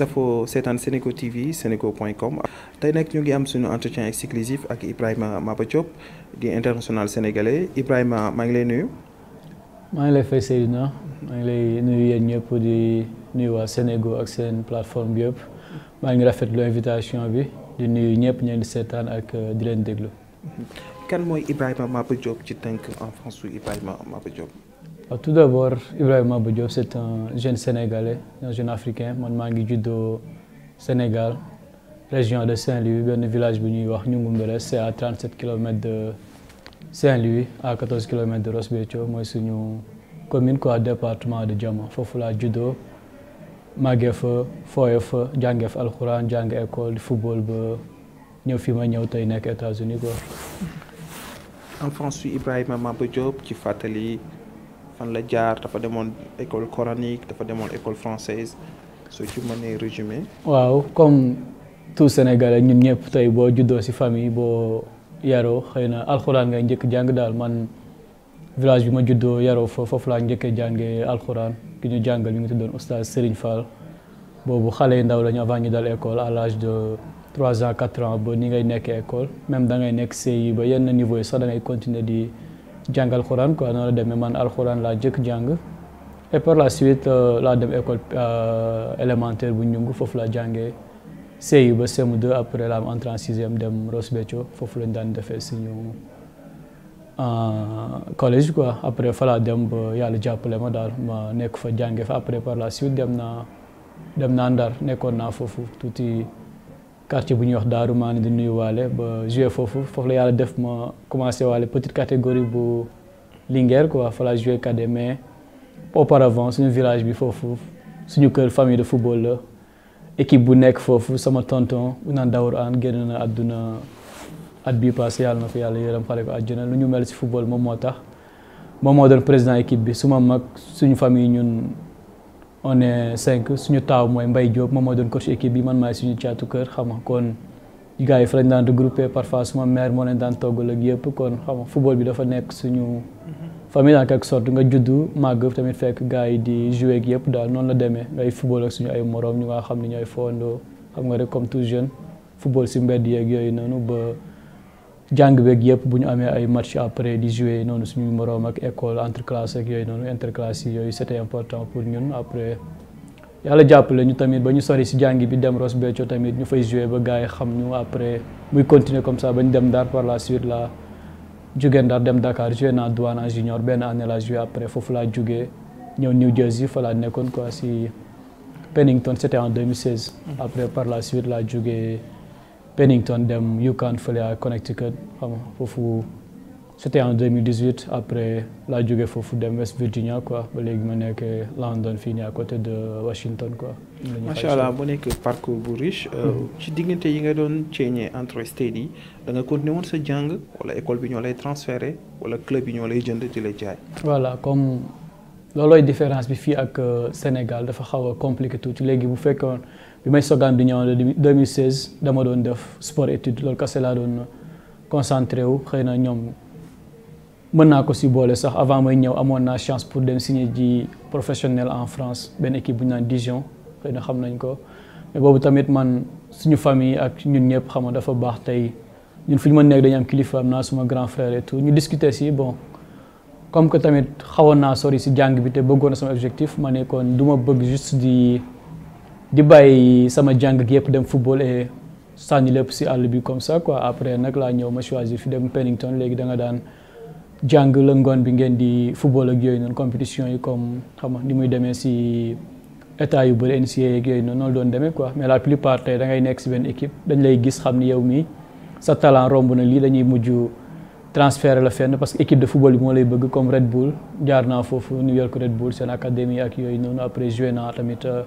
safo seetaan Sénégo TV sénégo point com te nag ñu ngi am suñu entretien exclusif ak Ibrahima Maba Diop di international sénégalais Ibrahima maa ngi lay nuyu maa ngi lay fay Seydina maa ngi lay nuyu yéen ñëpp di nuyu waa Sénégo ak seen plateforme bi yëpp maa ngi rafetlu invitation bi di nuyu ñëpp ñeen di seetaan ak euh, di leen déglu kan mooy Ibrahima Maba Diop ci tënk en France su Ibrahima Maba Diop Euh, tout d'abord Ibrahima Ba Diop c'est un jeune sénégalais un jeune africain man maa ngi juddoo Sénégal région de Saint-Louis benn village bu ñuy wax Ñungumbere c'est à 37 kilomètres de Saint-Louis à 14 kilomètres de Ross Béthio mooy suñu commune quoi département de Diama foofu laa juddoo màggee fa fooye fa jàngee fa alxuraan jàng école football ba ñëw fi ma ñëw tey nekk États-Unis quoi. enfance su Ibrahima Maba Diop ci fàttali. fan la jaar dafa demoon école coranique dafa demoon école française soo ci mënee résumé. waaw comme tout Sénégalais ñun ñëpp tey boo juddoo si famille boo yaroo xëy na alxuraan ngay njëkk jàng daal man village bi ma juddoo yaroo fa foofu laa njëkkee jàngee alxuraan ki ñu jàngal ñu ngi tuddoon oustaz Serigne Fall boobu xale yu ndaw lañu avant ñu dal école à lage de trois ans quatre ans ba ni ngay nekkee école même da ngay nekk CI ba yenn niveau yi sax da di. jàng alxuraan quoi noonu la demee man alxuraan laa jëkk jàng et par la suite euh, la dem école euh, élémentaire bu ñungu foofu laa jàngee CI ba CM2 après la am entrée dem Ross Béthio foofu lañ daan defee suñu euh, collège quoi après fa laa dem ba yàlla jàppale ma daal ma nekk fa jànge fa après par la suite dem naa dem naa Ndar nekkoon na foofu tuuti. quartier bu ñuy wax Daaru maa ngi di nuyu waale ba joué foofu foofu la yàlla def ma commencé waale petite catégorie bu Linguère quoi fa la joué cadet mais auparavant suñu village bi foofu suñu kër famille de football la équipe bu nekk foofu sama tonton bu naan Daour Aan génn na àdduna at bii passé yàlla na ko yàlla yërëm xale ko àjjana lu ñu mel si football moom moo tax moom moo doon président équipe bi su ma mag suñu famille ñun. on est cinq suñu taaw mooy Mbaye Diop moom moo doon coach équipe bi man maay suñu caatu kër xam nga kon gars yi fa lañ daan regroupé parfois suma mère moo leen daan toggal ak yëpp kon xam football bi dafa nekk suñu famille en quelque sorte nga juddu màgg tamit fekk gars di jouer ak yëpp daal noonu la demee ngay football ak suñu ay morom ñu nga xam ne ñooy fondoo xam nga rek comme tout jeune football si mbedd yeeg yooyu noonu ba jàng beeg yëpp bu ñu amee ay match après di jouer noonu suñu moroom ak école entre classe ak yooyu noonu interclasse yi yooyu c'était important pour ñun après yàlla jàppale ñu tamit ba ñu sori si jàng bi dem Ross Béthio tamit fay jouer ba gars yi xam ñu après muy continuer comme ça ba ñu dem Ndar par la suite la jóge Ndar dem Dakar joué naa douane en junior benn année la joué après foofu laa jógee ñëw New Jersey fa laa nekkoon quoi si Pennington c'était en 2016. Mm-hmm. après par la suite laa jógee. Pennington dem UCAN fële à Connecticut xam nga foofu c'était en 2018 après laa jóge foofu dem West Virginia quoi ba léegi ma nekk London fii nii à côté de Washington quoi. macha allah mu nekk parcours bu riche. Euh, hmm. ci diggante yi nga doon ceeñee entre state yi da nga continuer woon sa jàng wala école bi ñoo lay transféré wala club yi ñoo lay jënd di la jaay. voilà comme loolooy différence bi fii ak euh, Sénégal dafa xaw a tout tuuti léegi bu fekkoon. bi may sogaan di ñëw 2016 dama doon def sport étude loolu kese laa doon concentré wu xëy na ñoom mën naa ko si boole sax avant mooy ñëw amoon naa chance pour dem signer ji professionnel en France benn équipe bu ñu naan Dijon xëy na xam nañ ko mais boobu tamit man suñu famille ak ñun ñëpp xam nga dafa baax tey ñun fu ñu mën nekk dañu am kilifa am naa suma grand frère et tout ñu discuter si bon comme que tamit xawoon naa sori si jàng bi te bëggoon na sama objectif ma ne du ma bëgg di. di bàyyi sama jàng gi yëpp dem football et sànni lépp si àll bi comme sa quoi après nag laa ñëw ma choisir fi dem Pennington léegi danga daan jàng la ngoon bi ngeen di football ak yooyu noonu yi comme xam nga ni muy demee si état yu bëri NCA ak yooyu noonu noonu doon demee quoi mais la plupart tey da ngay nekk si benn équipe dañ lay gis xam ni yow mii sa talent romb na lii dañuy mujj transfert la fen parce que équipe de football bi moo lay bëgg comme Red Bull jaar naa foofu New York Red Bull seen académie ak yooyu noonu après joué tamit. Euh,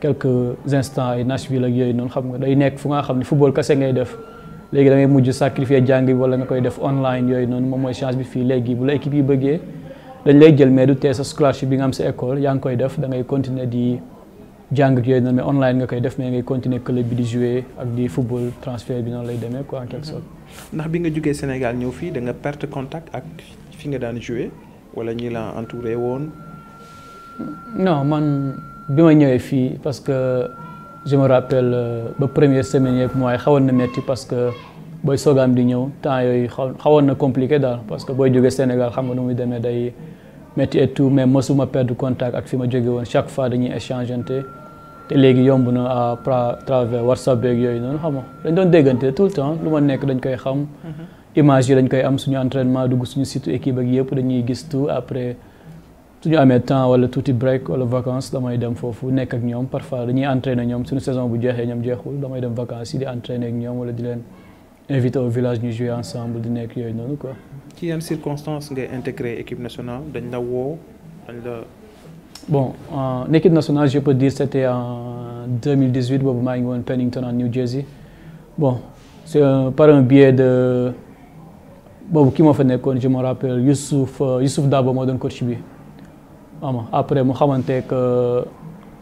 quelques instants ay Nashville ak yooyu noonu xam nga day nekk fu nga xam ne football kase ngay def léegi da mujj sacrifier jàng bi wala nga koy def online yooyu noonu moom mooy chance bi fii léegi bu la équipe yi bëggee dañ lay jël mais du tee sa scholarship bi nga am sa école yaa ngi koy def da ngay continuer di jàng ak yooyu noonu mais online nga koy def mais ngay continuer club bi di jouer ak di football transfert bi noonu lay demee quoi en quelque mm-hmm. ndax bi nga jógee Sénégal ñëw fii da nga perte contact ak fi nga daan jouer wala ñi la entouré woon. non man. bi ma ñëwee fii parce que je me rappelle euh, ba première semaine yeeg mooy xawoon na metti parce que booy soogaam di ñëw temps yooyu xawoon na compliqué daal parce que booy jógee Sénégal xam nga nu muy demee day metti et tout mais mosuma perdre contact ak fi ma jóge woon chaque fois dañuy échangeante te yomb na à travers WhatsApp beeg yooyu noonu xam nga dañ doon déggante tout le temps lu ma nekk dañ koy xam mhm. image yi dañ koy am suñu entraînement dugg suñu site équipe ak yëpp dañuy gis tout après suñu amee temps wala tuuti break wala vacances damay dem foofu nekk ak ñoom parfois dañuy entraîner ñoom suñu saison bu jeexee ñoom jeexul damay dem vacances yi di entraîner ak ñoom wala di leen invité au village ñu jouer ensemble di nekk yooyu noonu quoi. ci yan circonstances ngay intégré équipe nationale dañ la woo dañ la. bon en équipe nationale je peux dire c'était en 2018 boobu maa ngi woon Pennington en New Jersey bon c'est par un de boobu ki moo fa nekkoon je me rappelle Youssouf euh, Youssouf Dabo moo doon ama après mu xamanteek euh,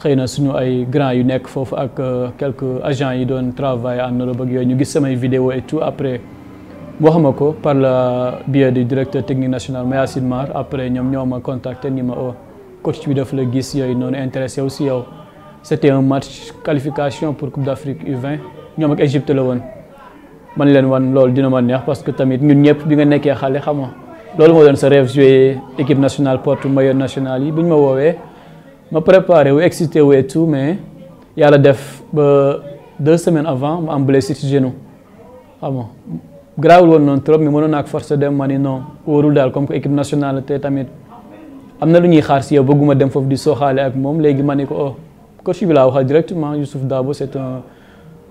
xëy na suñu ay grands yu nekk foofu ak euh, quelque agent yi doon travail en Europe ba yooyu ñu gis samay vidéo et tout après wax ma ko par le biais du directeur technique national Mayacine Mar après ñoom ñoo ma contacté ni ma o oh, coach bi daf la gis yooyu noonu intéressé aussi yow c' était un match qualification pour Coupe d' Afrique u ñoom ak Égypte la woon man leen wan loolu dina ma neex parce que tamit ñun ñëpp bi nga nekkee xale xam loolu moo doon sa rêve jouer équipe nationale porte maillot national yi bu ñu ma woowee ma préparé wu excité wu et tout mais yàlla def ba deux semaines avant ma am blessure ci genou xam ah nga garaawul woon noonu trop mais mënoon naa ak force dem ma ni non wóorul daal comme que équipe nationale te tamit am na lu ñuy xaar si yow bëgguma dem foofu di sooxaale ak moom léegi ma ni ko oh coach bi laa waxal directement Youssouf Dabo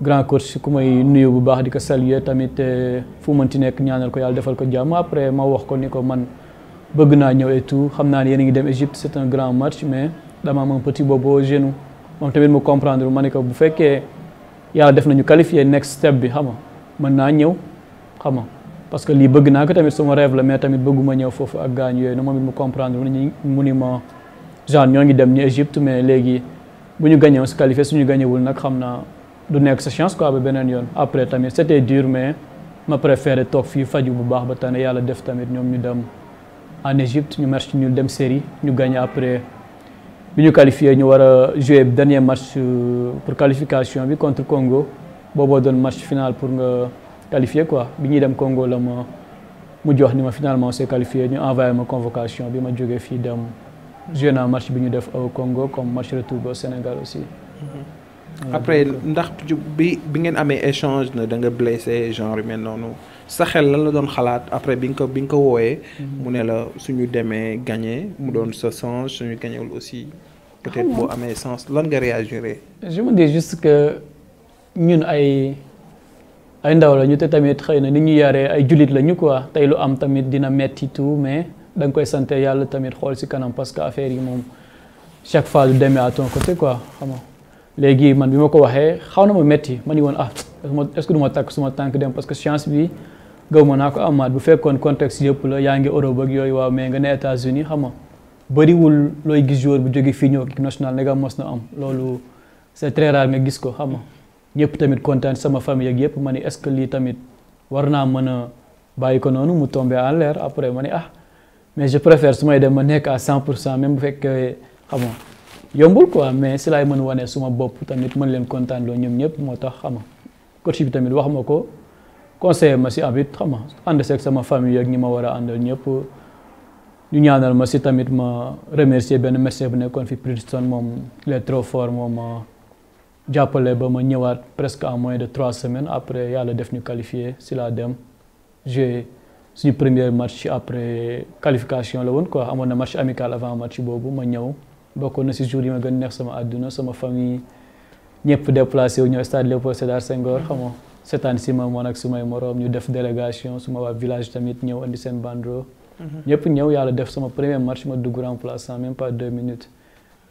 grand coach ku may nuyu bu baax di ko saluer tamit eh, fu mënti nekk ñaanal ko yàlla defal ko jàmm après ma wax ko ni ko man bëgg naa ñëw et tout xam naa ne yéen ngi dem Égypte c'est un grand match mais dama am un petit bobo mu comprendre ma ne ko bu fekkee yàlla def nañu qualifié next step bi xam nga mën naa ñëw xam nga parce que lii bëgg naa ko tamit sama rêve la tamit bëgguma ñëw foofu ak gaañ yooyu moom it mu comprendre mu ni ma ñoo ngi dem ni Égypte mais léegi bu ñu gagné on se qualifié suñu gagné wul nag xam naa. du nekk sa chance quoi ba beneen yoon après tamit c'était dur mais ma préféré toog fii faju bu baax ba tane yàlla def tamit ñoom ñu dem en Égypte ñu match ñu dem série ñu gagné après bi ñu qualifié ñu war a jouer dernier match euh, pour qualification bi contre Congo booboo doon match final pour nga qualifié quoi bi ñuy dem Congo la ma mu jox ni ma finalement c'est qualifié ñu envoyé ma convocation bi ma jógee fii dem joué naa match bi ñu def au Congo comme match retour ba Sénégal aussi. Mm-hmm. après ndax bi bi ngeen amee échange na da nga blessé genre yu mel noonu sa xel lan la doon xalaat après bi nga ko bi nga wooyee. Mhm. mu ne la suñu demee gagné mu doon sa sens suñu gañewul aussi. peut-être ah, boo amee sens lan nga réagiré. je me dis juste que ñun ay ay ndaw la ñu te tamit xëy na ni ñu yaree ay jullit la ñu quoi tey lu am tamit dina metti tout mais da koy sant yàlla tamit xool ci kanam parce que affaire yi moom chaque fois du demee à côté quoi xam nga léegi man bi ma ko waxee xaw na ma métti ma ni woon ah est-ce que du ma takk suma tànk dem parce que science bi gaw ma naa ko amaat ah, bu fekkoon contexte yëpp la yaa ngi Europe ak yooyu waaw mais nga ne États-Unis xam nga bëriwul looy gis joueur bu jóge fii ñëw équipe nationale nga mos na am loolu c'est très rare gis ko xam nga ñëpp tamit kontaan sama famille yëpp ma ni est-ce que lii tamit war naa mën a bàyyi ko noonu mu tombé en l'air après ma ni ah mais je préfère suma may dem ma nekk à 100 pour cent même bu fekkee xam nga yombul quoi mais si laay mën wane suma bopp tamit mën leen kontaan loo ñoom ñëpp moo tax xama coach bi tamit wax ma ko conseiller ma si abit xama ànd seeg sama famille ak ñi ma war a àndal ñëpp ñu ñaanal ma si tamit ma remercier benn médecin bu nekkoon fi Princeton moom il est trop moom ma jàppale ba ma ñëwaat presque en moins de trois semaines après yàlla def ñu qualifié si la dem j'ai suñu premier match après qualification la woon quoi amoon na match amical avant match boobu ma ñëw bokkoon na si jour yi ma gën neex sama àdduna sama famille ñëpp déplacé wu ñëw stade Léopold Sédar Senghor xam nga seetaan si ma moon ak sumay moroom ñu def délégation suma waa village tamit ñëw andi seen bandro mhm. ñëpp ñëw yàlla def sama premier match ma dugg remplaçant même pas deux minutes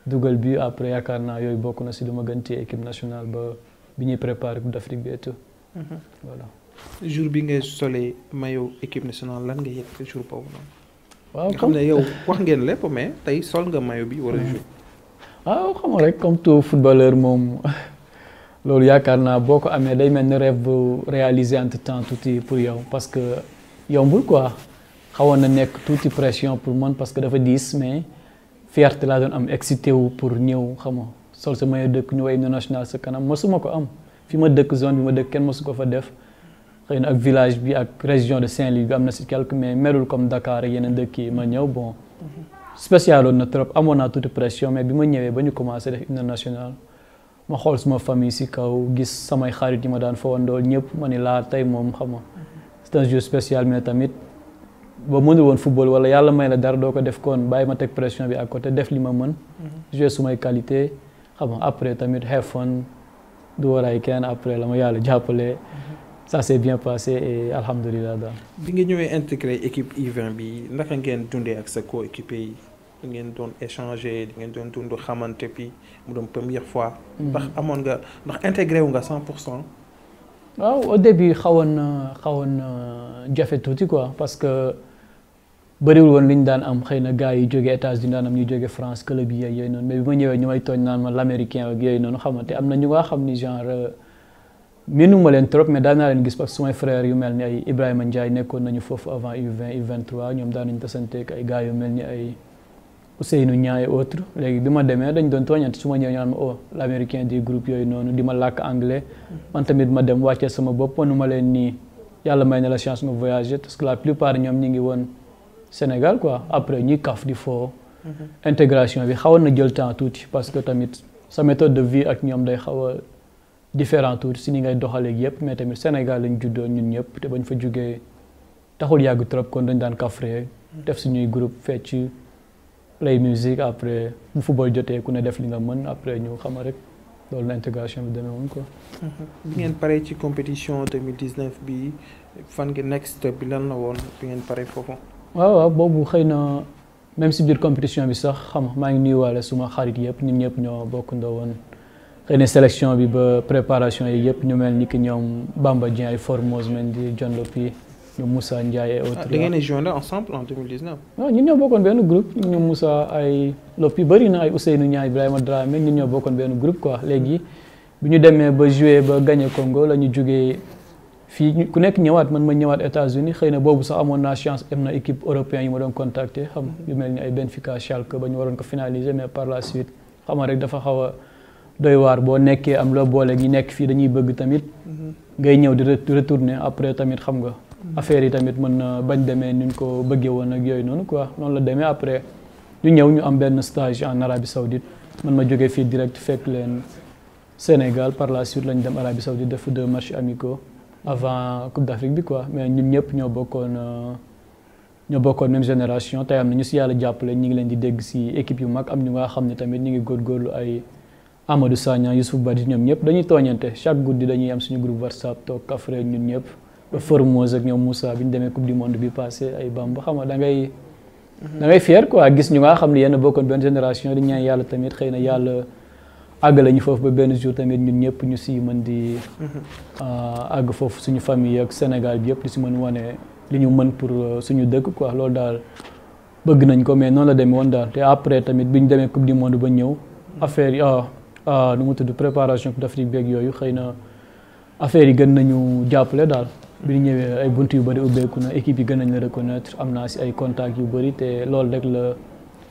dugal bi après yaakaar naa yooyu bokk na si lu ma gën téye équipe nationale ba bi ñuy préparé Coupe d'Afrique bi et mhm. jour bi nga solee maillot équipe nationale lan nga yëg waaw xam ne yow wax ngeen lépp mais tey sol nga mayo bi war a jouer. waaw xam rek comme tout footballeur moom loolu yaakaar naa boo ko amee day mel ni rêve bu réaliser entre temps tuuti pour yow parce que yombul quoi xawoon na nekk tout tuuti pression pour man parce que dafa diis mais fierté laa doon am excité wu pour ñëw xam nga sol sa maillot dëkk ñu way national sa kanam mosuma ko am fi ma dëkk zone bi ma dëkk kenn mosu ko fa def. xëy na ak village bi ak région de Saint-Louis bi am na si quelque mais melul comme Dakar ak dëkk yi ma ñëw bon. spécialoon na trop amoon naa toute pression mais bi ma ñëwee ba ñu commencé def hymne ma xool suma famille si kaw gis samay xarit yi ma daan fowandoo ñëpp ma ni laa tey moom xam nga tamit ba mënul woon football wala yàlla may la dara doo ko def kon bàyyi ma teg pression bi à côté def li ma mën. jouer sumay qualité xam nga ça s'est bien passé et alhamdulilah daal. bi nga ñëwee intégré équipe U20 bi naka ngeen dundee ak sa coéquipier yi da ngeen doon échanger da ngeen doon dund xamante bi mu doon première fois. Mm. ndax amoon nga ndax intégré wu nga 100 pour cent. waaw au début xawoon na xawoon na jafe tuuti quoi parce que bëriwul woon li ñu daan am xëy na gars yi jógee États-Unis daan am ñu jógee France club yi yooyu noonu mais ma ñëwee ñu may tooñ naan ma l'américain ak noonu xamante am na ñu nga xam miinuma leen trop mais daan gis parce que sumay frères yu mel ni ay Ibrahima Ndiaye nekkoon nañu foofu avant U20 U23 ñoom daan nañu tasanteeg ay gars yu mel ni ay Ousseynou Niang et autres léegi bi ma demee dañ doon tooñante su ma ñëwee ñu naan ma oh l' di ma làkk anglais man tamit ma dem wàccee sama bopp manuma leen nii yàlla may na la chance nga voyager parce que la plupart ñoom ñi ngi woon Sénégal quoi après ñi kaf di foo mhm. intégration bi xawoon na jël temps tuuti parce que tamit sa méthode de vie ak a différents tours si ni ngay doxaleeg yëpp mais tamit Sénégal lañ juddoo ñun ñëpp te bañ fa jugee taxul yàgg trop kon dañ daan kafre def suñuy groupe fecc play musique après bu football jotee ku ne def li nga mën après ñu xam rek loolu la intégration bi demee woon quoi. Mhm. bi ngeen pare ci compétition 2019 bi fan ngeen next step bi lan la woon bi ngeen pare foofu. waaw waaw boobu xëy na même si biir compétition bi sax xam maa ngi nuyuwaale suma xarit yëpp ñun ñëpp ñoo bokk ndawoon. xëy na bi ba préparation yi yëpp ñu mel ni ki ñoom Bamba Dieng ay Formose Mendy John Lopy ñoom Moussa Ndiaye et autres. Ah, da ngeen a joindre ensemble en 2019. waaw ñun ñoo bokkoon benn groupe ñoom Moussa ay Lopy bëri bokkoon benn groupe quoi léegi bi ñu demee ba jouer ba gagné Congo la ñu jugee fii ku nekk ñëwaat man ma ñëwaat États-Unis xëy na boobu sax amoon naa chance am na équipe européen yi ma doon contacter xam yu mel ni ay Benfica Schalke ba ñu waroon ko finaliser mais par la suite xam rek dafa xaw doy waar boo nekkee am loo boole ñi nekk fii dañuy bëgg tamit ngay ñëw di retourner après tamit xam nga affaire yi tamit mën na bañ demee ni ñu ko bëggee woon ak yooyu noonu quoi noonu la demee après ñu ñëw ñu am benn stage en Arabie Saoudite man ma jógee fii direct fekk leen Sénégal par la suite lañ dem Arabie Saoudite def deux matchs amicaux avant Coupe d'Afrique bi quoi mais ñun ñëpp ñoo bokkoon ñoo bokkoon même génération tey am na ñu si yàlla jàppale ñu ngi leen di dégg si équipe yu mag am ñu nga xam ne tamit ñu ngi góorgóorlu ay. Amadou Sagna Youssouf Badi ñoom ñëpp dañuy tooñante chaque di dañuy am suñu groupe WhatsApp toog Kaffrine ñun ñëpp ba Formose ak ñoom musa bi ñu demee coupe du monde bi passé ay Bamba xam nga da ngay. Mhm. da ngay fier quoi gis ñu nga xam ne yenn bokkoon benn génération di ñaan yàlla tamit xëy na yàlla àggale ñu foofu ba benn jour tamit ñun ñëpp ñu si mën di. Mhm. Euh, àgg foofu suñu famille ak Sénégal bi yëpp di si mën wane li ñu mën pour euh, suñu dëkk quoi loolu daal bëgg nañ ko mais noonu la demee daal te après tamit bi ñu demee coupe du monde ba ñëw mhm. affaire yi ah, Euh, nu mu tudd préparation Coupe d'Afrique beeg yooyu xëy na affaire yi gën nañu jàppale daal. Hmm. bi ñu ñëwee ay bunt yu bëri ubbeeku na équipe yi gën nañ la reconnaître am naa si ay contacts yu bëri te loolu rek la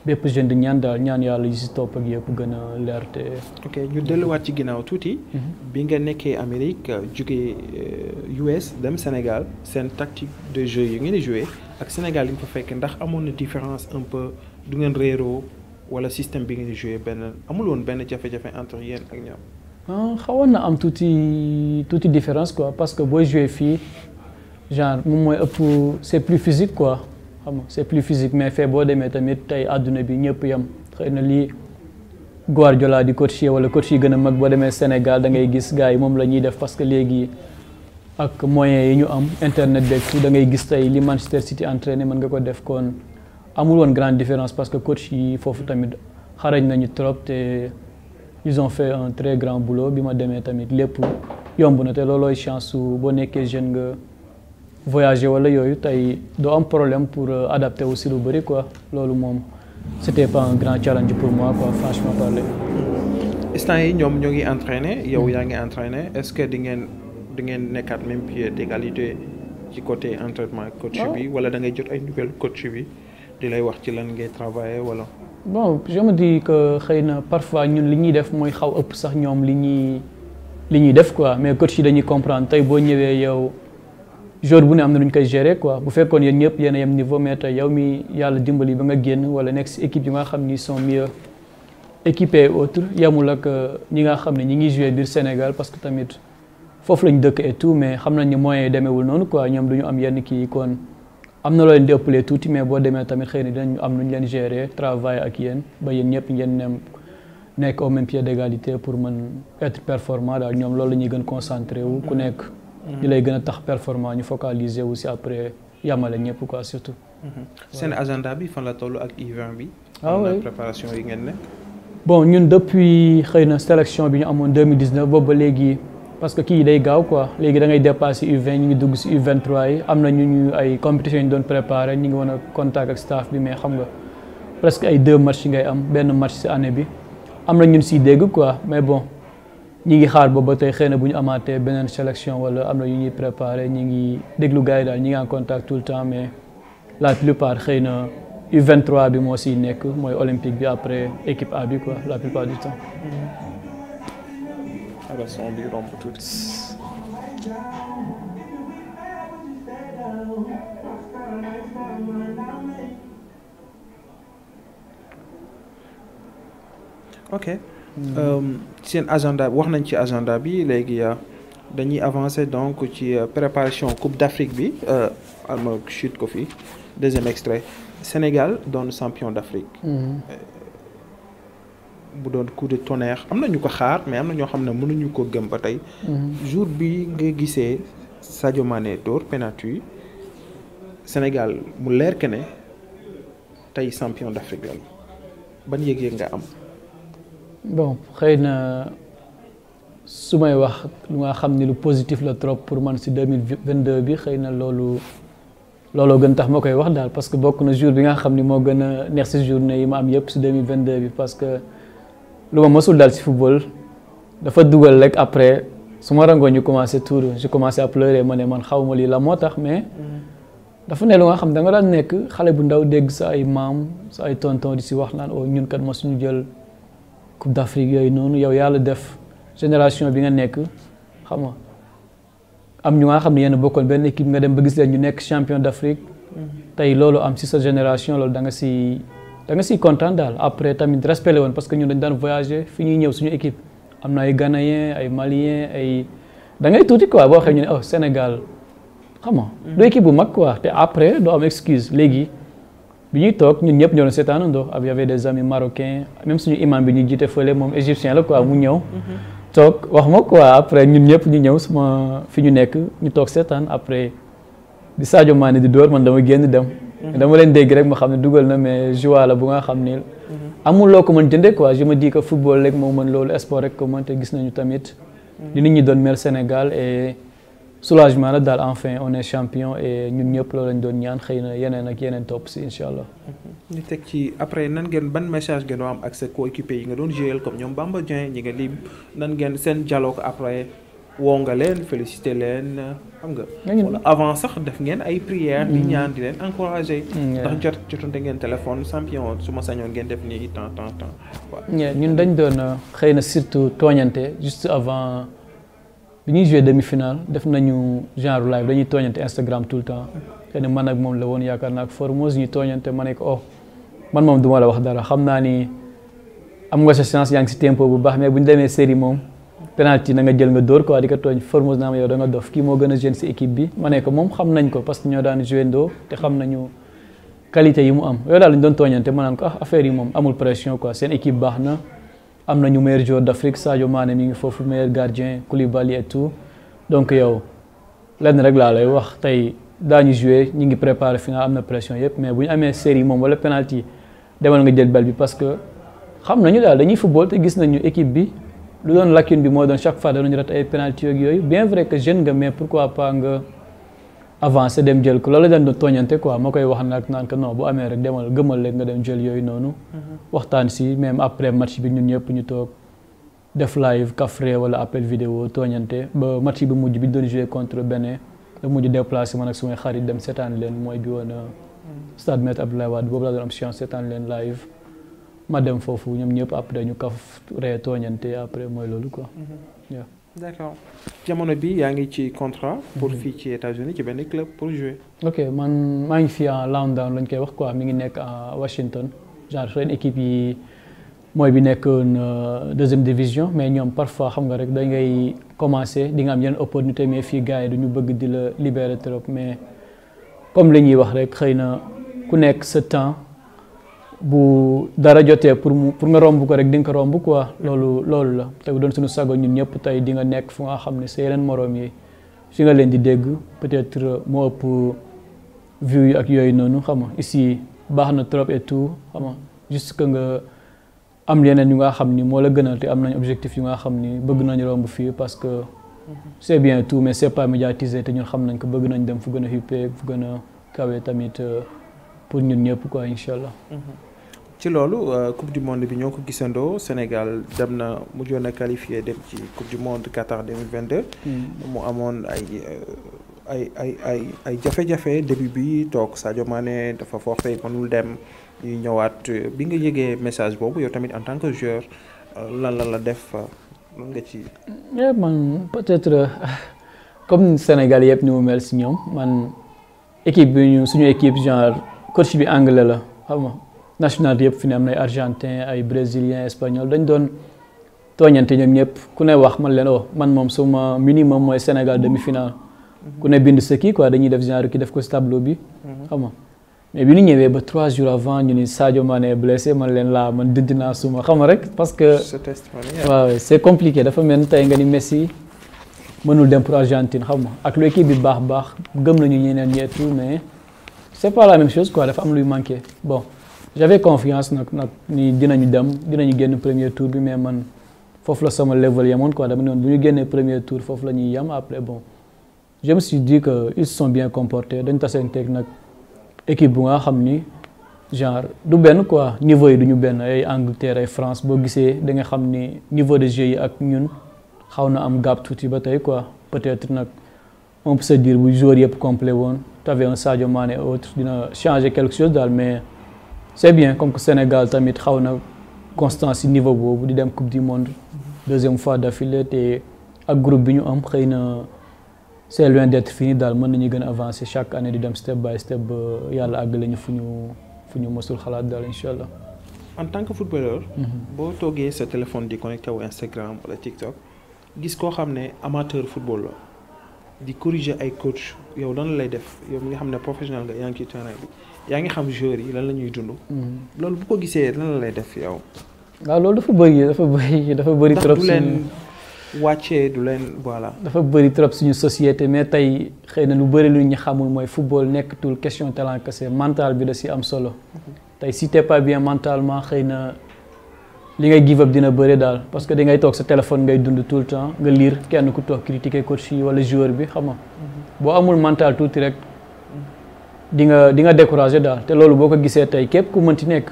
bépp jeune di ñaan daal ñaan yàlla yu si topp ak yëpp gën a leer te. ok ñu delluwaat ci ginnaaw tuuti. Mhm. bi nga nekkee Amérique jógee euh, US dem Sénégal seen tactique de jeu yi ngeen di joué ak Sénégal yi nga fa fekk ndax amoon na différence un peu du ngeen réeroo. wala système bi ngeen joué benn amul woon benn jafe-jafe entre yéen ak ñoom. Ah, xawoon na am tuuti tuuti différence quoi parce que boo joue fii genre moom mooy ëpp c' est plus physique quoi xam nga c' plus physique mais fee boo demee tamit tey àdduna bi ñëpp yam xëy na lii Guardiola di coach yi wala coach yi gën a mag boo demee Sénégal da ngay gis gars yi moom la ñuy def parce que léegi ak moyens yi ñu am internet beeg tout da ngay gis tey li Manchester City entraîné mën nga ko def kon. amul woon grande différence parce que coach yi foofu tamit xarañ nañu trop te ils ont fait un très grand boulot bi ma demee tamit lépp yomb na te loolooy chance su boo nekkee jeune nga voyager wala yooyu tey doo am problème pour euh, adapter aussi lu bëri quoi loolu moom c'était pas un grand challenge pour moi quoi franchement parler. instant yi ñoom ñoo ngi entraîner yow yaa ngi entraîner est-ce que di ngeen di ngeen nekkaat même pied d'égalité ci côté entraînement coach bi wala da ngay jot ay nouvelles coach bi. di lay wax ci lan ngay travailler wala. bon je me dis que xëy na parfois ñun li ñuy def mooy xaw ëpp sax ñoom li ñuy li ñuy def quoi mais coach yi dañuy comprendre tey boo ñëwee yow jour bu ne am na lu ñu koy gérer quoi bu fekkoon yéen ñëpp yéen yem niveau mais tey yow mi yàlla dimbali ba nga génn wala nekk si équipe yi nga xam ni sont mieux équipés et autres yemul ak euh, ñi nga xam ne ñi ngi joué biir Sénégal parce que tamit foofu lañ dëkk et tout mais xam nañ ne moyens yi demeewul noonu quoi ñoom du ñu am yenn kii kon. am na loo leen di ëppalee tuuti mais boo demee tamit xëy na dinañ am nu ñu leen gérer travail ak yéen ba yéen ñëpp ngeen ne nekk au même pied d'égalité pour man être performant daal ñoom loolu la ñuy gën concentré wu ku mm-hmm. nekk. li mm-hmm. lay gën a tax performant ñu focaliser wu si après yamale ñëpp quoi surtout. Mm-hmm. seen agenda bi fan la toll ak event bi. ah oui yi ngeen ne. bon ñun depuis xëy na sélection bi ñu amoon 2019 boobu ba léegi. parce que kii day gaaw quoi léegi dangay ngay dépassé u ngi dugg si U23 yi am na ñu ay compétition doon préparé ñu ngi wan a contact ak staff bi mais xam nga presque ay deux matchs ngay am benn match si année bi am na ñu ñun siy dégg quoi mais bon ñu ngi xaar booba tey xëy na bu ñu amaatee beneen sélection wala am na ñu ñuy préparé ñu ngi déglu gars yi daal ñi ngi en contact tout le temps mais la plupart xëy na U23 bi moo siy nekk mooy olympique bi après équipe A bi quoi la plupart du temps. Mm-hmm. leçon bi romb tuuti ok mhm. euh, seen agenda wax nañ ci agenda bi léegi euh, dañuy avancer donc ci euh, préparation coupe d'Afrique bi alma chute ko fi deuxième extrait Sénégal doon champion d'Afrique mhm. bu doon coup de tonnerre am na ñu ko xaar mais am na ñoo xam ne mënuñu ko gëm ba tey. Mm-hmm. jour bi nga gisee Sadio Mané door penalty Sénégal mu leer que ne tey champion d'Afrique la ban yëg-yëg nga am. bon xëy na su may wax lu nga xam ni lu positif la trop pour man si deux mille vingt deux bi xëy na loolu. looloo gën tax ma koy wax daal parce que bokk na jour bi nga xam ni moo gën a neex si journée yi ma am yëpp si 2022 bi parce que lu ma masul dal si football dafa dugal rek après su ma rangoo ñu commencé tuuru si commencé à pleurer ma ne man xaw ma lii la moo tax mais mm. dafa ne lu nga xam da nga daan nekk xale bu ndaw dégg sa ay maam sa ay tonton di si wax naan oo oh, ñun kat ma suñu jël coupe d'Afrique yooyu noonu yow yàlla def génération bi nga nekk xam nga am ñu nga xam ne yéen bokkoon benn équipe nga dem ba gis leen ñu nekk champion d'Afrique mm. tey loolu am si sa génération loolu da si da nga siy kontaan daal après tamit respect la woon parce que ñun dañ daan voyager fi ñuy ñëw suñu équipe am na ay Ghanéens ay Maliens ay da ngay tuuti quoi oh, mm. bu mag quoi te après doo am excuse léegi bi ñuy toog ñun ñëpp ñoo doon seetaanandoo ah, y avait des amis marocains même suñu imam bi ñu jiite fële moom égyptien la quoi mu ñëw. Mm-hmm. toog wax ma quoi après ñun ñëpp ñu ñëw suma fi ñu nekk ñu toog seetaan après di Sadio Mané di dóor man dama génn dem. Mhm. dama leen dégg rek ma xam ne dugal na mais joie la bu nga xam ni. Mhm. amul loo ko mën jëndee quoi je me dis que football rek moo mën loolu sport rek ko mën te gis nañu tamit. Mhm. li nit ñi doon mel Sénégal et soulagement la daal enfin on est champion et ñun ñëpp loolu lañ doon ñaan xëy na yeneen ak yeneen topp si incha allah. ñu teg ci après nan ngeen ban message ngeen am ak sa coéquipier yi nga doon jouer comme ñoom Bamba Dieng ñi nga nan ngeen seen dialogue après. woo nga leen félicité leen xam nga. avant sax def ngeen ay prières. di mm. ñaan di leen encouragé. Mm, ndax jot jotante ngeen téléphone champion su ma sañoon ngeen def nii temps temps temps waaw. ñun dañ doon euh, xëy na surtout tooñante juste avant bi ñuy joué demi finale def nañu genre live dañuy tooñante Instagram tout le temps xëy man ak moom la woon yaakaar naa ak Formose ñu tooñante ma ne ko oh man moom du ma la wax dara xam naa ni am nga sa chance yaa ngi si tempo bu baax mais bu ñu demee série moom. penalty na nga jël nga dóor quoi di ko tooñ Formose naa ma yow da dof kii moo gën a jeune si équipe bi ma ne ko moom xam nañ ko parce ñoo daan joué ndoo te xam nañu qualité yi mu am yooyu daal ñu doon tooñante ma naan ah, affaire yi moom amul pression quoi seen équipe baax am nañu meilleur joueur d' Afrique Sadio Mané mi ngi foofu meilleur gardien Koulibaly et tout donc yow lenn rek laa lay wax tey daañu joué ñi ngi préparé fi nga am na pression yëpp mais bu ñu amee série moom wala penalty demal nga jël bal bi parce que xam nañu daal dañuy football te gis nañu équipe bi. lu doon lakkin bi moo doon chaque fois danañu rat ay penalty ak yooyu bien vrai que jeune nga mais pourquoi pas nga avancé dem jël ko loolu dañ doon tooñante quoi ma koy wax nag naan que non bu amee rek demal gëmal rek nga dem jël yooyu noonu. Mm-hmm. waxtaan si même après match bi ñun ñëpp ñu toog def live kafre wala appel vidéo tooñante ba match bi mujj bi doon joué contre Bénin da mujj déplacé man ak sumay xarit dem seetaan leen mooy bi woon euh, mm-hmm. stade Me Abdoulaye Wade boobu laa doon am leen live. ma dem foofu ñoom ñëpp après ñu kaf ree tooñante après mooy loolu quoi. Mm-hmm. jamono bi yaa ngi ci contrat. pour mm-hmm. fii ci États-Unis ci benn club pour jouer. ok man maa ngi fi en Loudoun lañ koy wax quoi mi ngi nekk à Washington genre seen équipe yi mooy bi nekk euh, deuxième division mais ñoom parfois xam nga rek da ngay commencer di nga am yenn opportunité mais fii gars yi duñu bëgg di la libérer trop mais comme li ñuy wax rek xëy na ku nekk sa temps. bu dara jotee pour mu pour nga romb ko rek di nga ko romb quoi loolu loolu la teg doon suñu sago ñun ñëpp tey di nga nekk fu nga xam ne sa yeneen moroom yi si nga leen di dégg peut-être moo ëpp view yi ak yooyu noonu xam nga baax na trop et tout xam nga nga am yeneen yu nga xam ni moo la gën a te am nañ objectif yu nga xam ni bëgg nañu romb fii parce que c'est bien tout mais c'est pas médiatisé te ñun xam nañ ko bëgg nañ dem fu gën a huppee fu gën a kawee tamit euh, pour ñun ñëpp quoi incha allah mm-hmm. ci loolu euh, coupe du monde bi ñoo ko gisandoo Sénégal dem na mujjoon na qualifié dem ci coupe du monde Qatar 2022. Mm. mu amoon ay euh, ay ay ay ay jafe-jafe début bi toog Sadio Mané dafa forfait mënul dem ñu ñëwaat bi nga yëgee message boobu yow tamit en tant que joueur euh, lan la la def lan nga ci. Eh, man peut-être comme Sénégal yëpp ni mu mel si ñoom man équipe bi ñu suñu équipe genre coach bi anglais la xam nationalité yëpp fi ne am nay argentin ay brésilien espagnol dañ doon tooñante ñoom ñëpp ku ne wax man leen o oh, man moom suma minimum mooy Sénégal demi-finale ku ne bind sa kii quoi dañuy def genre ki def ko si tableau bi mhm. xam ba trois jours avant ñu ni Sadio Mané blessé man leen laa man dindi naa suma xam rek parce que waaw c'est compliqué dafa mel tey nga ni Messi mënul dem pour Argentine xam nga ak lu équipe bi baax baax gëm nañu ñeneen ñi et tout mais c'est pas la même chose quoi dafa am luy manqué j'avais confiance nag nag ni dinañu dem dinañu génn premier tour bi mais man foofu la sama level yemoon quoi dama ne woon bu ñu génnee premier tour foofu la ñuy yem après bon je me suis dit que ils se sont bien comportés dañ taseen nag équipe bu nga xam ni genre du benn quoi niveau yi du ñu benn ay Angleterre ay France boo gisee da nga xam ni niveau de jeu yi ak ñun xaw na am gap tuuti ba tey quoi peut-être nag on peut se dire bu joueur yëpp complet woon t'avais un Sadio Mané autre dina changer daal mais c'est bien comme que Sénégal tamit xaw na constance ci niveau boobu di dem coupe du monde deuxième fois d'affilée te ak groupe bi ñu am xëy na c'est loin d'être fini daal mën nañu gën a avancer chaque année di dem step by step yàlla àggale ñu fu ñu fu ñu mësul xalaat daal incha allah. en tant que footballeur. Mhm. boo toogee sa téléphone di connecté wu Instagram wala TikTok gis koo xam ne amateur football la. di corriger ay coach yow lan lay def yow mi nga xam ne professionnel yaa ngi xam joueurs yi lan la ñuy dund. Mm-hmm. loolu bu ko gisee lan lay def yow. waaw loolu dafa bëri dafa bëri dafa bëri trop wàccee du leen voilà. dafa bëri trop suñu societé mais tey xëy na lu bëri lu ñu xamul mooy football nekkatul question talent kese mental bi da si am solo. Mm-hmm. tey si pas bien mentalement xëy na. li ngay give ab dina bëri daal parce que dangay toog sa téléphone ngay dund tout le temps nga lire kenn ku toog critiquer coach yi wala joueur bi xam nga mhm. boo amul mental tuuti rek di nga di nga découragé daal te loolu boo ko gisee tey képp ku mënti nekk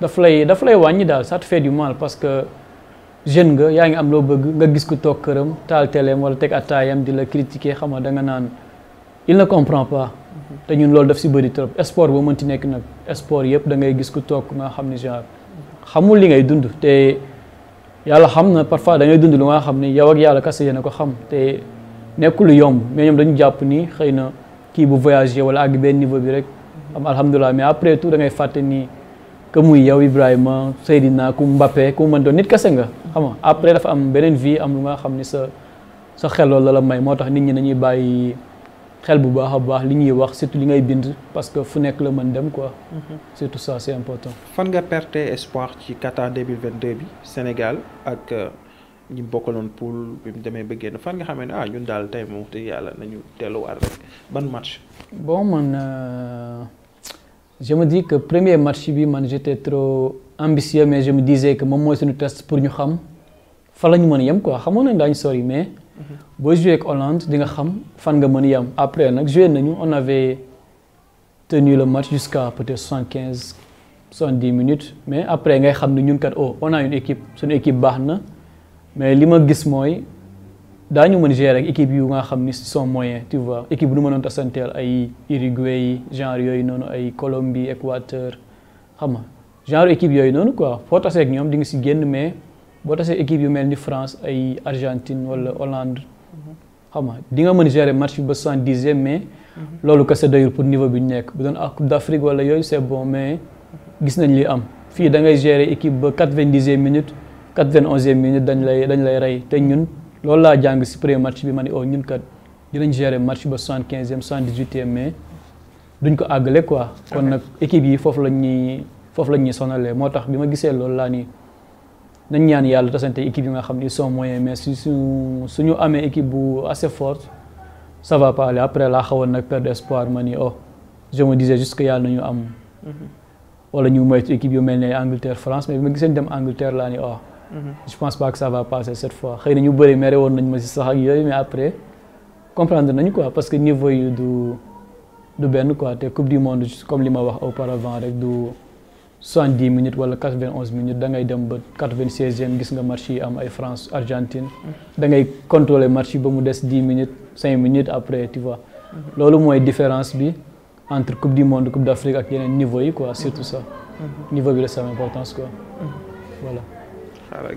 daf lay daf lay wàññi daal ça te fait du mal parce que jeune nga yaa ngi am loo bëgg nga gis ku toog këram taal teleem wala teg attaayam di la critiquer xam nga da naan il ne comprend pas mhm. te ñun loolu daf si bëri sport boo mënti nekk nag sport yëpp da gis ku toog nga xam ni genre xamul li ngay dund te yàlla xam na parfois da ngay dund lu nga xam ni yow yàlla kase yéen na ko xam te nekkul lu yomb mais ñoom dañu jàpp ni xëy na kii bu voyagé wala àgg benn niveau bi rek am alhamdulilah mais après tout dangay fàtte ni que muy yow Ibrahima naa ku Mbappé ku man doon nit kase nga xam nga après dafa am beneen vie am lu nga xam ni sa sa xel loolu la may moo tax nit ñi nañuy bàyyi. xel bu baax a baax li ñuy wax surtout li ngay bind parce que fu nekk la mën dem quoi. Mhm. surtout ça c'est important. fan nga perte espoir ci Qatar 2022 bi Sénégal ak euh, ñi bokkaloon poule bi mu demee ba génn fan nga xamee ne ah ñun daal tey moom te yàlla nañu teeluwaat rek ban match. bon man euh, je me dis que premier match bi man j'étais trop ambitieux mais je me disais que moom mooy suñu test pour ñu xam fa la ñu mën yem quoi xamoon nañ daañu sori mais. boo joué ak Hollande di nga xam fan nga mën a yem après nag joué nañu on avait tenu le match jusqu'à peut-être soixante quinze soixante dix minutes mais après ngay xam ne ñun kat oh on a une équipe suñu équipe baax na mais li ma gis mooy daañu mën gérer ak équipe yu nga xam ni sont moyens tu vois équipe bu nu mënoon tasanteel ay Uruguay yi genre yooyu noonu ay Colombie Équateur xam nga genre équipe yooyu noonu quoi foo tasee ak ñoom di nga si génn mais. boo tasee équipe yu mel ni France ay Argentine wala Hollande mhm. xam nga di nga mën gérer match bi ba soixante-dixième mais mhm. loolu kese doyul niveau bi ñu nekk oo doon ah Coupe d'Afrique wala yooyu c'est bon mais gis nañ li am fii da ngay gérer équipe ba quatre-vingt-dixième minute quatre-vingt-onzième minute dañ lay dañ lay rey te ñun loolu laa jàng si premier match bi ma ne oh ñun kat dinañ gérer match ba soixante-quinzième dix mais duñ ko àggale quoi kon nag équipe yi foofu lañ ñuy foofu lañ ñuy sonalee moo tax bi ma gisee loolu laa nii nañ ñaan yàlla tasante équipe yi nga xam ni sont moyens mais su suñu amee équipe bu assez forte ça va pas aller après laa xawoon nag perdre espoir ma ni oh je me disais juste que yàlla nañu am mm-hmm. wala ñu moytu équipe yu mel ne Angleterre France mais bi ma giseen dem Angleterre laa ni oh mm-hmm. je pense pas que ça va passer cette fois xëy na ñu bëri mere woon nañ ma si sax ak yooyu mais après comprendre nañu quoi parce que niveau yi du du benn quoi te coupe comme li ma wax auparavant rek du soixante-dix minutes wala quatre-vingt-onze da ngay dem ba quatre-vingt-seizième gis nga match yi am ay France Argentine mm-hmm. da ngay contrôler match ba mu des dix minutes cinq minutes après tu vois mm-hmm. loolu mooy différence bi entre coupe du monde coupe d'Afrique ak yeneen niveau yi quoi surtout ça mm-hmm. niveau bi la sama importance voilà xaaral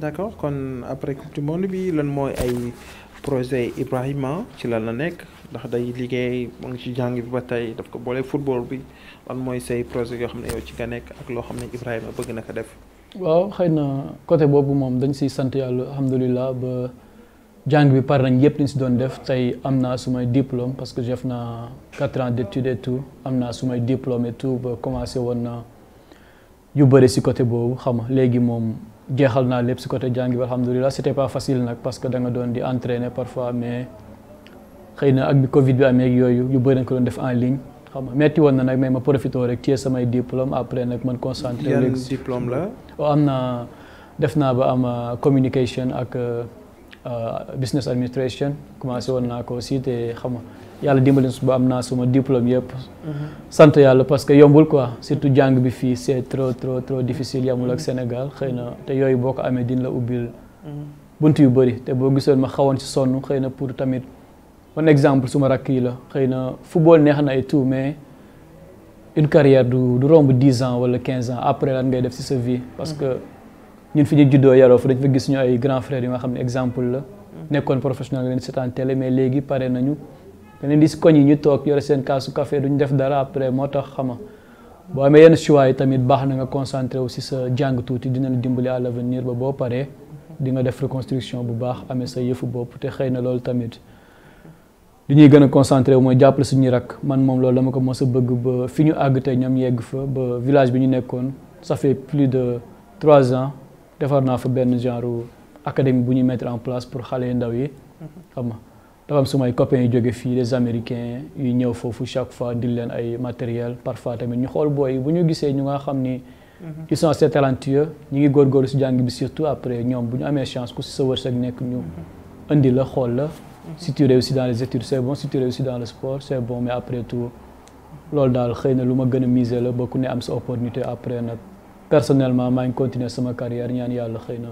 gars kon après coupe du monde bi lan mooy ay projet Ibrahima ci lan la nekk ndax day liggéey mu ngi ci jàng bi ba tey daf ko boole football bi man mooy say projet yoo xam ne yow ci nga nekk ak loo xam ne a bëgg na ko def. waaw xëy na côté boobu moom dañ siy sant yàlla alhamdulilah ba jàng bi par nañ yëpp li si doon def tey am naa sumay diplôme parce que jëf naa quatre ans d' étude tout am naa sumay diplôme et tout ba commencé woon na yu bëri si côté boobu xam nga léegi moom. jeexal naa lépp si côté jàngi bi alhamdulilah c'était pas facile nag parce que da nga doon di entraîner parfois mais xëy na ak bi Covid bi amee yooyu yu bëri nañ ko doon def en ligne xam nga metti woon na nag mais ma profité rek téye samay diplôme après nag man concentré. léegi diplôme la. am na def naa ba am euh, communication ak euh, euh, business administration commencé woon naa ko aussi te yàlla dimbali ba am naa suma diplôme yëpp. Mhm. sant yàlla parce que yombul quoi surtout jàng bi fii c'est trop trop trop difficile yamul ak mhm. Sénégal xëy na te yooyu boo ko amee dina la ubbil. Mhm. bunt yu bëri te boo gisoon ma xawoon ci sonn xëy na pour tamit. bon exemple suma rakk yi la xëy na football neex na ay tout mais une carrière du du romb dix ans wala quinze ans après lan ngay def ci sa vie. parce que ñun fi ñu juddoo yaroo fa dañ fa gis ñu ay grands frères yi nga xam ne exemple la. nekkoon professionnel nga leen seetaan télé mais léegi pare nañu. dañu di si koñ yi ñu toog yore seen kaasu café duñ def dara après moo tax xama boo amee yenn choix yi tamit baax na nga concentré aussi sa jàng tuuti dina la dimbali à l' avenir ba boo paree di nga def reconstruction bu baax amee sa yëfu bopp xëy na loolu tamit. li ñuy gën a concentré mooy jàppale ñu rak man moom loolu dama ko mos a bëgg ba fi ñu àgg tey ñoom yegg fa ba village bi ñu nekkoon ça fait plus de trois ans defar naa fa benn genre académie bu ñu mettre en place pour xale yu ndaw yi. Mhm. xam nga dafa am sumay copains yu jóge fii des américains yu ñëw foofu chaque fois di leen ay matériel parfois tamit ñu xool booy bu ñu gisee ñu nga xam ni. Mhm. ils sont assez talentueux ñu ngi góorgóorlu si jàng bi surtout après ñoom bu ñu amee chance ku si sa wërsëg nekk ñu mhm. indi la xool la. Mhm. si tu réussis dans les études c'est bon si tu réussis dans le sport c'est bon mais après tout loolu daal xëy na lu ma gën a miser la ba ku ne am sa opportunité après nag personnellement maa ngi continuer sama carrière ñaan yàlla xëy na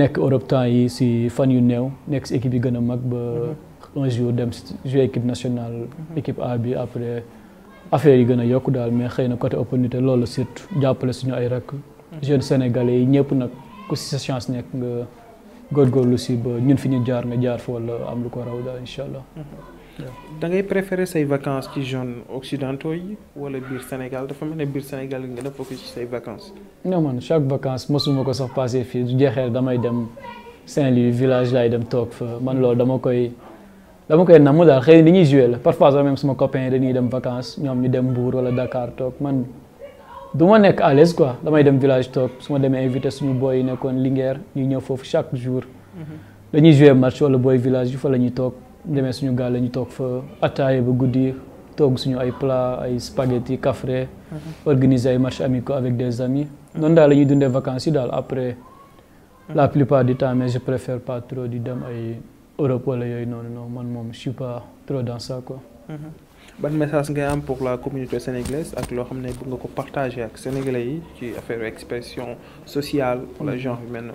nekk Europe temps yi si fan yu néew nekk si équipe yi gën a mag ba mhm. un jour dem jouer équipe nationale mhm. équipe A bi après affaire yi gën a yokk daal mais xëy na côté opportunité loolu surtout jàppale suñu ay rakk jeunes sénégalais yi ñëpp nag ku si sa chance nekk nga góorgóorlu si ba ñun fi ñu jaar nga jaar fa wala am lu ko raw daal incha allah. da ngay préféré say vacances ci zone occidentaux yi wala biir Sénégal dafa mel ne biir Sénégal nga gën a focus ci say vacances. non man chaque vacance mosuma ko sax passé fii du jeexee damay dem Saint-Louis village laay dem toog fa man loolu dama koy dama koy namm daal xëy na ñuy joué la parfois sax même sama copain dañuy dem vacances ñoom ñu dem Mbour wala Dakar toog man. du ma nekk à l'aise quoi damay dem village toog su ma demee invité suñu booy yi nekkoon Linguère ñu ñëw foofu chaque jour. Mhm. dañuy jouer match wala booy village fa la ñuy toog demee suñu gaal la ñuy toog fa ba guddi toog suñu ay plat ay spaghetti café. Mhm. organiser ay matchs amicaux avec des amis. Mhm. noonu daal la ñuy dundee vacances yi daal après. la plupart du temps mais je préfère pas trop di dem ay Europe wala yooyu noonu non man moom je suis pas trop dans ça ban message ngay am pour la communauté sénégalaise ak loo xam ne bëgg nga ko partager ak sénégalais yi ci affaire expression sociale wala genre yu mel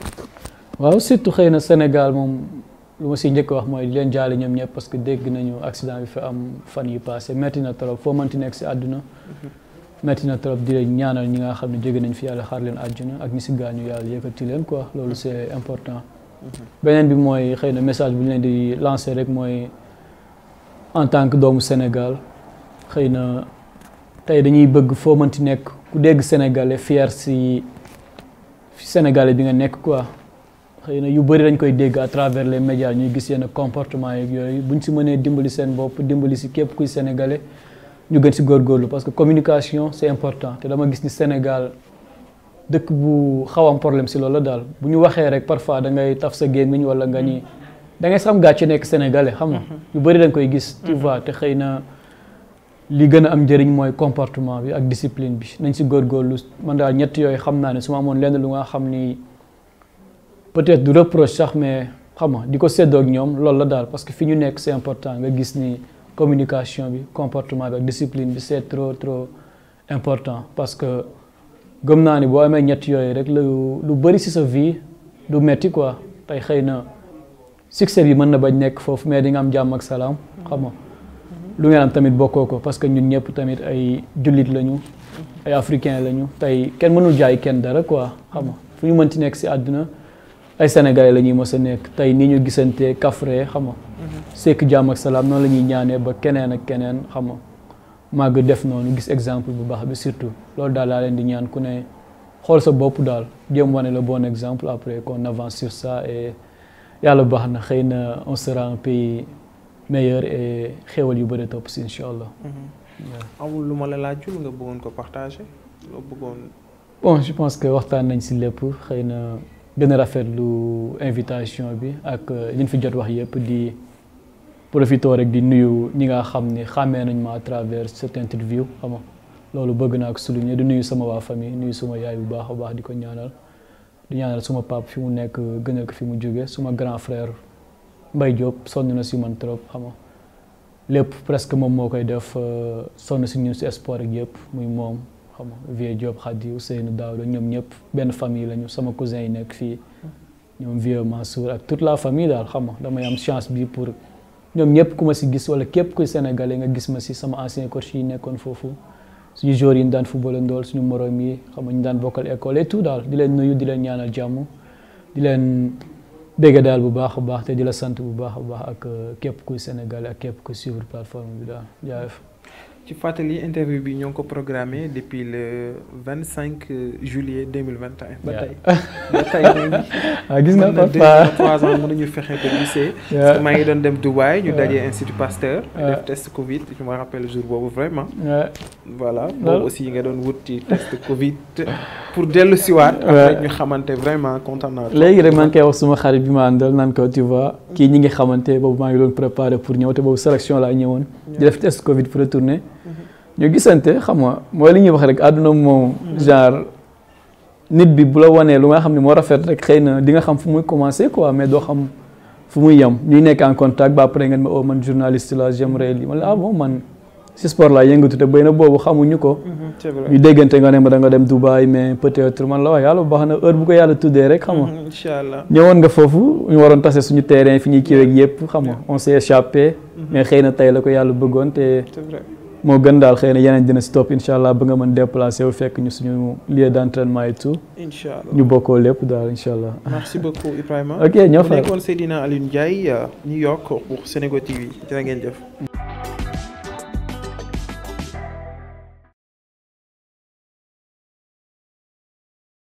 waaw surtout xëy na Sénégal moom lu ma si njëkk wax mooy leen jaale ñoom ñëpp parce que dégg nañu accident bi am fan yu passé metti na trop foo mënti nekk si àdduna. metti na trop di leen ñi nga xam ne jóge nañ fi yàlla xaar leen àjjana ak ñi si gaañu yàlla yëkkati leen quoi loolu c'est important. beneen bi mooy xëy na message bu ñu leen di lancer rek mooy en tant que doomu Sénégal. xëy na tey dañuy bëgg foo mënti nekk ku dégg sénégalais fier si sénégalais bi nga nekk quoi xëy na yu bëri dañ koy dégg à les médias ñuy gis yenn comportement yeeg yooyu buñ si mënee dimbali seen bopp dimbali si képp kuy sénégalais ñu gën si góor góorlu parce que communication c'est important te dama gis ni Sénégal dëkk bu xaw am problème si loolu daal bu ñu waxee rek parfois da ngay taf sa gémmiñ wala nga ni mm-hmm. da ngay sam gàcce nekk sénégalais xam nga mm-hmm. yu bëri dañ koy gis mm-hmm. na li gën a am njëriñ mooy comportement bi ak discipline bi nañ si góorgóorlu mën daal ñett yooyu xam naa ne su ma amoon lenn lu nga xam ni peut-être du reproche sax mais xam nga di ko séddoog ñoom loolu la daal parce que fi ñu nekk c'est important nga gis ni communication bi comportement bi ak discipline bi c'est trop trop important parce que gëm naa ni boo amee ñett yooyu rek lu lu bëri si sa vie du metti quoi tey xëy na succès yi mën na bañ nekk foofu mais di nga am jàmm ak salaam xam lu ngeen tamit bokkoo ko parce que ñun ñëpp tamit ay jullit lañu ay africain lañu tey kenn mënul jaay kenn dara quoi xam fu ñu mënti nekk si àdduna ay sénégalais la ñuy mos a nekk tey ni ñu gisantee kafre xam nga mhm. sekk jàmm ak salaam noonu la ñuy ñaanee ba keneen ak keneen xam nga màgg def noonu gis exemple bu baax bi surtout loolu daal laa leen di ñaan ku ne xool sa bopp daal jéem ne la bon exemple après qu'on avance sur ça et yàlla baax na xëy na on sera un meilleur et xewal yu bëri topp si incha allah. Mhm. amul lu ma la laajul nga bëggoon ko partager loo bëggoon. bon je pense que waxtaan nañ si lépp xëy na gën a lu invitation bi ak euh, li ñu fi jot wax yëpp di profité rek di nuyu ñi nga xam ni xàmmee nañ ma à travers cette interview loolu bëgg naa ko souligner di nuyu sama waa famille nuyu suma yaay bu baax a baax di ko ñaanal di ñaanal suma pap fi mu nekk gënal ko fi mu jóge suma grand frère. Mbaye Diop sonn na si man trop xam nga lépp presque moom moo koy def euh, sonn si ñun si sport ak yëpp muy moom xam nga Vieux Diop Khady Ousseynou Daouda ñoom ñëpp benn famille lañu sama cousin yi nekk fii ñoom Vieux Mansour ak la famille daal xam nga damay am chance bi pour ñoom ñëpp ku ma si gis wala képp kuy sénégalais nga gis ma si sama ancien coach yi nekkoon foofu suñu joueurs yi ñu daan football ndool suñu moroom yi xam nga ñu daan bokkal école et daal di leen nuyu di leen ñaanal jàmm di leen. bégge daal bu baax a baax te di la sant bu baax a baax ak euh, képp kuy Sénégal ak képp ku suivre plateforme bi daal jaayef ci fàttali interview bi ñoo ngi ko programmé depuis le vingt cinq juillet deux mille vingt et un. Ah, gis nga papa mën trois ans mënuñu fexe ko gisee. parce que maa ngi doon dem Dubaay ñu dajee Institut Pasteur. def test Covid je me rappelle jour boobu vraiment. voilà boobu aussi nga doon wut test Covid. pour dellu siwaat. après xamante vraiment kontaan naa. léegi rek maa ngi koy wax suma xarit bi ma àndal naan ko tu vois. kii ñi ngi xamante boobu maa ngi doon préparé pour ñëw te boobu sélection laa ñëwoon. di def test Covid pour retourner. Mm-hmm. ñu gisante xam nga mooy li ñuy wax rek àdduna moom. Mm-hmm. genre nit bi bu la wanee lu nga xam ne moo rafet rek xëy na di nga xam fu muy commencé quoi mais doo xam fu muy yem ñuy nekk en contact ba après ngeen ma oo oh, man journaliste la j'aimerais lii ma la ah bon man. si sport laa yëngatu te béy na boobu xamuñu ko. Mhm, ñu déggante nga ne ma da dem Dubaï mais peut-être la wax yàlla baax na heure bu ko yàlla tuddee rek. xam mhm, ñëwoon nga foofu ñu waroon tase suñu terrain fi ñuy kiiweeg yëpp xam nga on s'est mhm. mais xëy na tey la ko yàlla bëggoon te. moo gën daal xëy na yeneen dina si topp incha allah ba nga mën déplacé wu fekk ñu suñu lieu d' entraînement et tout. ñu bokkoo lépp daal incha allah. merci beaucoup Ibrahima. ok ñoo fa nekkoon Seydina Aliou Ndiaye New York